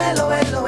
hello, hello.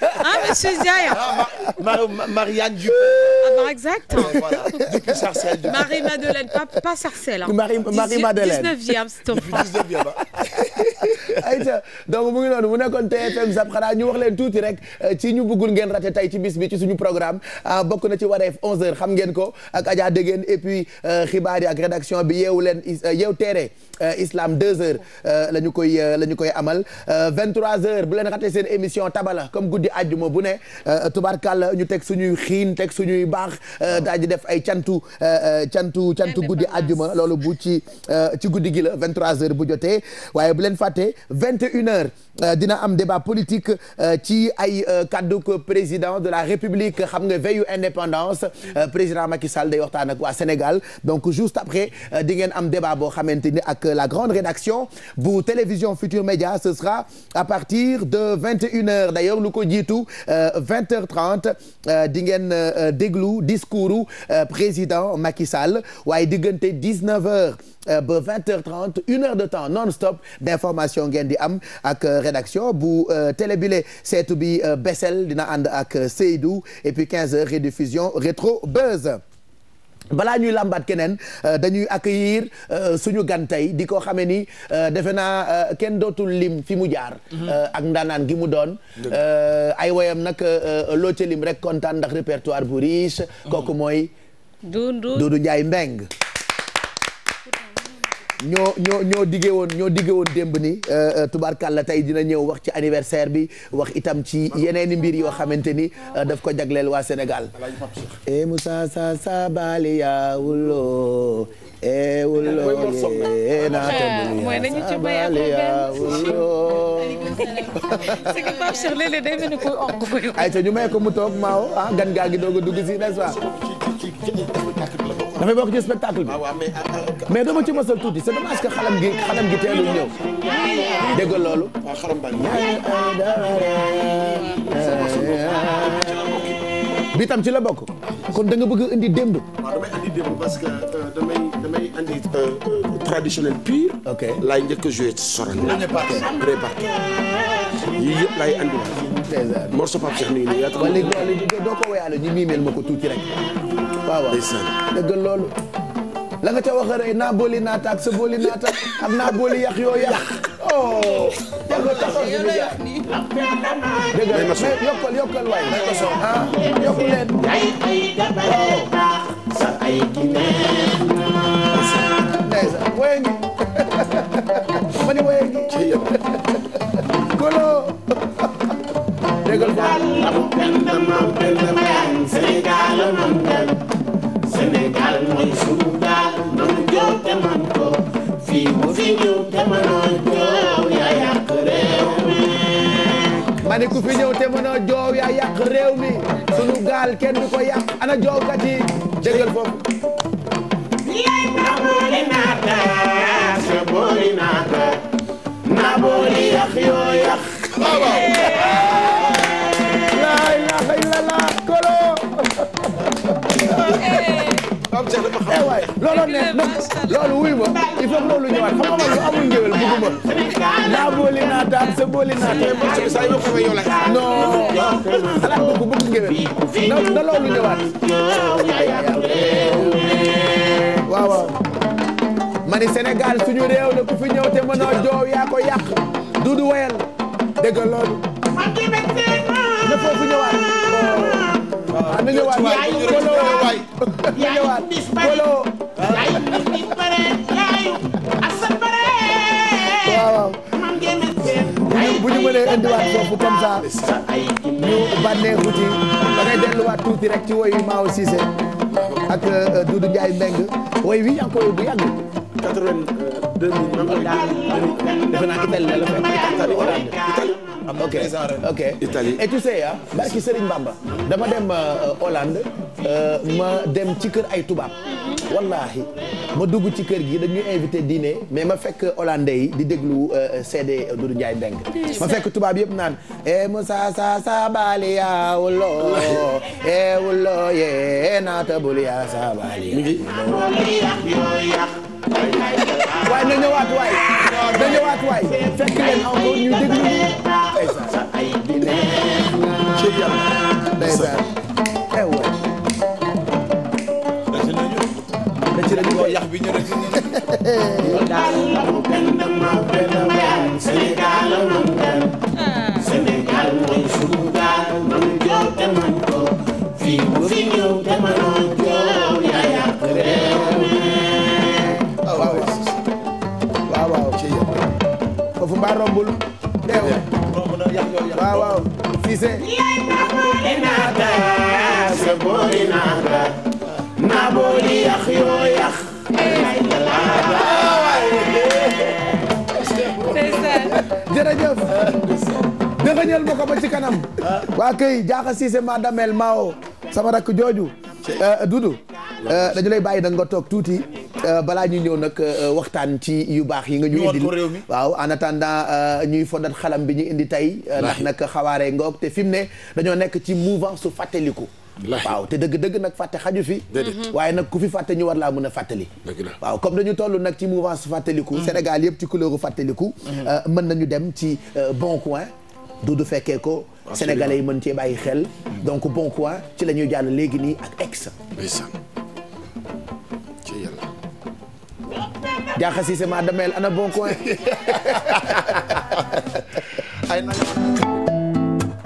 ah monsieur Ndiaye. Ah, Marianne Dupont. ah bah exact. Ah, voilà depuis Sarcelles. Marie Madeleine pas pas Sarcelles. Marie Marie Madeleine 19e s'il te ayca donc mu ngi noonu mu nekkoon TFM Zap xanaa ñu wax leen tuuti rek euh, ci ñu bëggul ngeen raté tey ci bis bi ci suñu programme ah, bokk na ci wareef 11 xam ngeen ko ak Adja Degen et puis euh, xibaar yi ak rédaction bi yeewu leen euh, yeew teere islam deux h la koy la ñu koy amal 23h bu leen raté seen émission tabala comme guddi àjjuma bu ne tubarkàlla ñu teg suñuy xiin teg suñuy baax daal di def ay cantu cantu cantu guddi àjjuma loolu bu ci ci guddi gi la 23h bu jotee waaye leen fàtte vingt et heures euh, dina am débat politique euh, ci ay euh, kaddu président de la république xam nga veillu indépendance président Macky Sall day waxtaan ak waa Sénégal donc juste après di ngeen am débat boo xamante ni ak la grande rédaction bu télévision Futur Média ce sera à partir de vingt et une heures d'ailleurs lu ko jiitu vingt heures trente di ngeen déglu discours président Macky waaye diggante dix neuf heures Euh, ba 20h30 heure de temps non-stop d'information ngeen di am ak euh, rédaction bu euh, télé bile seetu bi Bessel dina ànd ak Seydou et puis 15h rediffusion rétro buzz. balaa ñuy làmbaat keneen dañuy accueillir suñu gan tey di ko xamee ni defe naa kenn dootul lim fi mu jaar. Mhm. ak ndaanaan gi mu doon. ay woyam nag loo ca lim rek kontaan ndax répertoire bu riche. Mhm. kooku mooy. Doudou Doudou ñoo ñoo ñoo diggee woon ñoo diggee woon démb ni euh, euh, tubaarkàlla tey dina ñëw wax ci anniversaire bi wax itam ci yeneeni mbir yoo xamante ni euh, daf ko jagleel waa Sénégal e Moussa sa sa baali yaa wulo e wulo ye naa tabu yaa sa baali yaa wulo c'est que Pape Cheikh léeg-léeg day mel ni kuy onk kuy ay ca ñu may ko mu toog maaw ah gan gaa gi doog a dugg si n'est-ce pas bokk ci spectacle bi mais dama ci mosal tuuti c'est dommage que xalam gi xalam gi teelul ñëw déggal bi tam ci la bokk kon da nga bëgg a indi démb. waaw parce que euh, damay damay indi. Euh, traditionnel pur. ok laay njëkk a joué ci Sorano. yii yëpp laay andi waat. morceau Pape nii nii yaa tax. léegi léegi doo ko wéyaale ñu miimeel ma ko tuuti rek. waaw waaw dëgg loolu. la nga te wax rek naa booli naata ak sa booli na ak naa booli yàq yokkal yokkal waay yokk leen sa ay ki ma ni woye ngi ci kolo déggal Sénégal mooy sunu gaal fii mu fi ñëw joow yaa yàq mi. ma ne ku fi ñëw joow yaa yàq mi sunu gaal kenn du ko yàq ana joowkat yi déggal foofu. yaay nabooli naata sa booli naata nabooli yàq yoo yàq. looloo neex na loolu wuy ma il loolu ñëwaat xam nga lu amul ngéwél bëgguma naa booli naa taat sa booli naa taat sa yow xamee yow la non xalaat bëgg bëgg ngéwél na loolu ñëwaat waaw waaw ma ni Sénégal suñu réew la ku fi ñëw te mënoo joow yaa ko yàq dudu wayal dëgg loolu na foofu ñëwaat na yaayu bis bare yaayu bis bare yaayu asal bare waaw mam génne seen bu ñu mënee indiwaat foofu comme ça ñu bànneexu ci da ngay delluwaat tuuti rek ci woyu Mao Cissé ak euh, Doudou Ndiaye Mbengue woy wi yaa ngi koy bu yàgg 82 defe naa Italie la la am na président ah, barki Serigne Bamba. dama dem euh, Hollande euh, ma dem ci kër ay tubaab. wallahi ma dugg ci kër gi dañuy invité dîner mais ma fekk hollandais di déglu euh, CD Doudou Ndiaye Beng ma fekk tubaab yëpp naan e eh, musa sa sa bali ya wulo e wulo ye eh, naata bul sa bali waaye na ñëwaat waay na ñëwaat waay fekk leen encore ñu déglu foofu mbaa rombul deew waaw waaw siise naa booli yax yoo yax jërëjëf dëgëñal ma ko ba ci waa kay jaaxa siise maa dameel maa sama rakk jooju euh, Dudu euh, dañu lay bàyyi da nga tuuti Euh, balaa ñu ñëw nag euh, waxtaan ci yu baax yi nga ñu indi indil waaw en attendant euh, ñuy fondat xalam bi ñu indi tey ndax nag xawaaree ngoog te fi mu ne dañoo nekk ci mouvement su fàttaliku waaw te dëgg-dëgg nag fàtte xaju fi mm-hmm. waaye nag ku fi fàtte ñu war laa mën a fàttali waaw comme dañu toll nag ci mouvement su fàttaliku mm-hmm. Sénégal yëpp ci couleur u fàttaliku mm-hmm. mën nañu dem ci bon coin du fekkee ko sénégalais yi mën cee bàyyi xel donc bon coin ci la ñuy jàll léegi nii ak jaaxa Cissé ma dameel ana bon coin ay na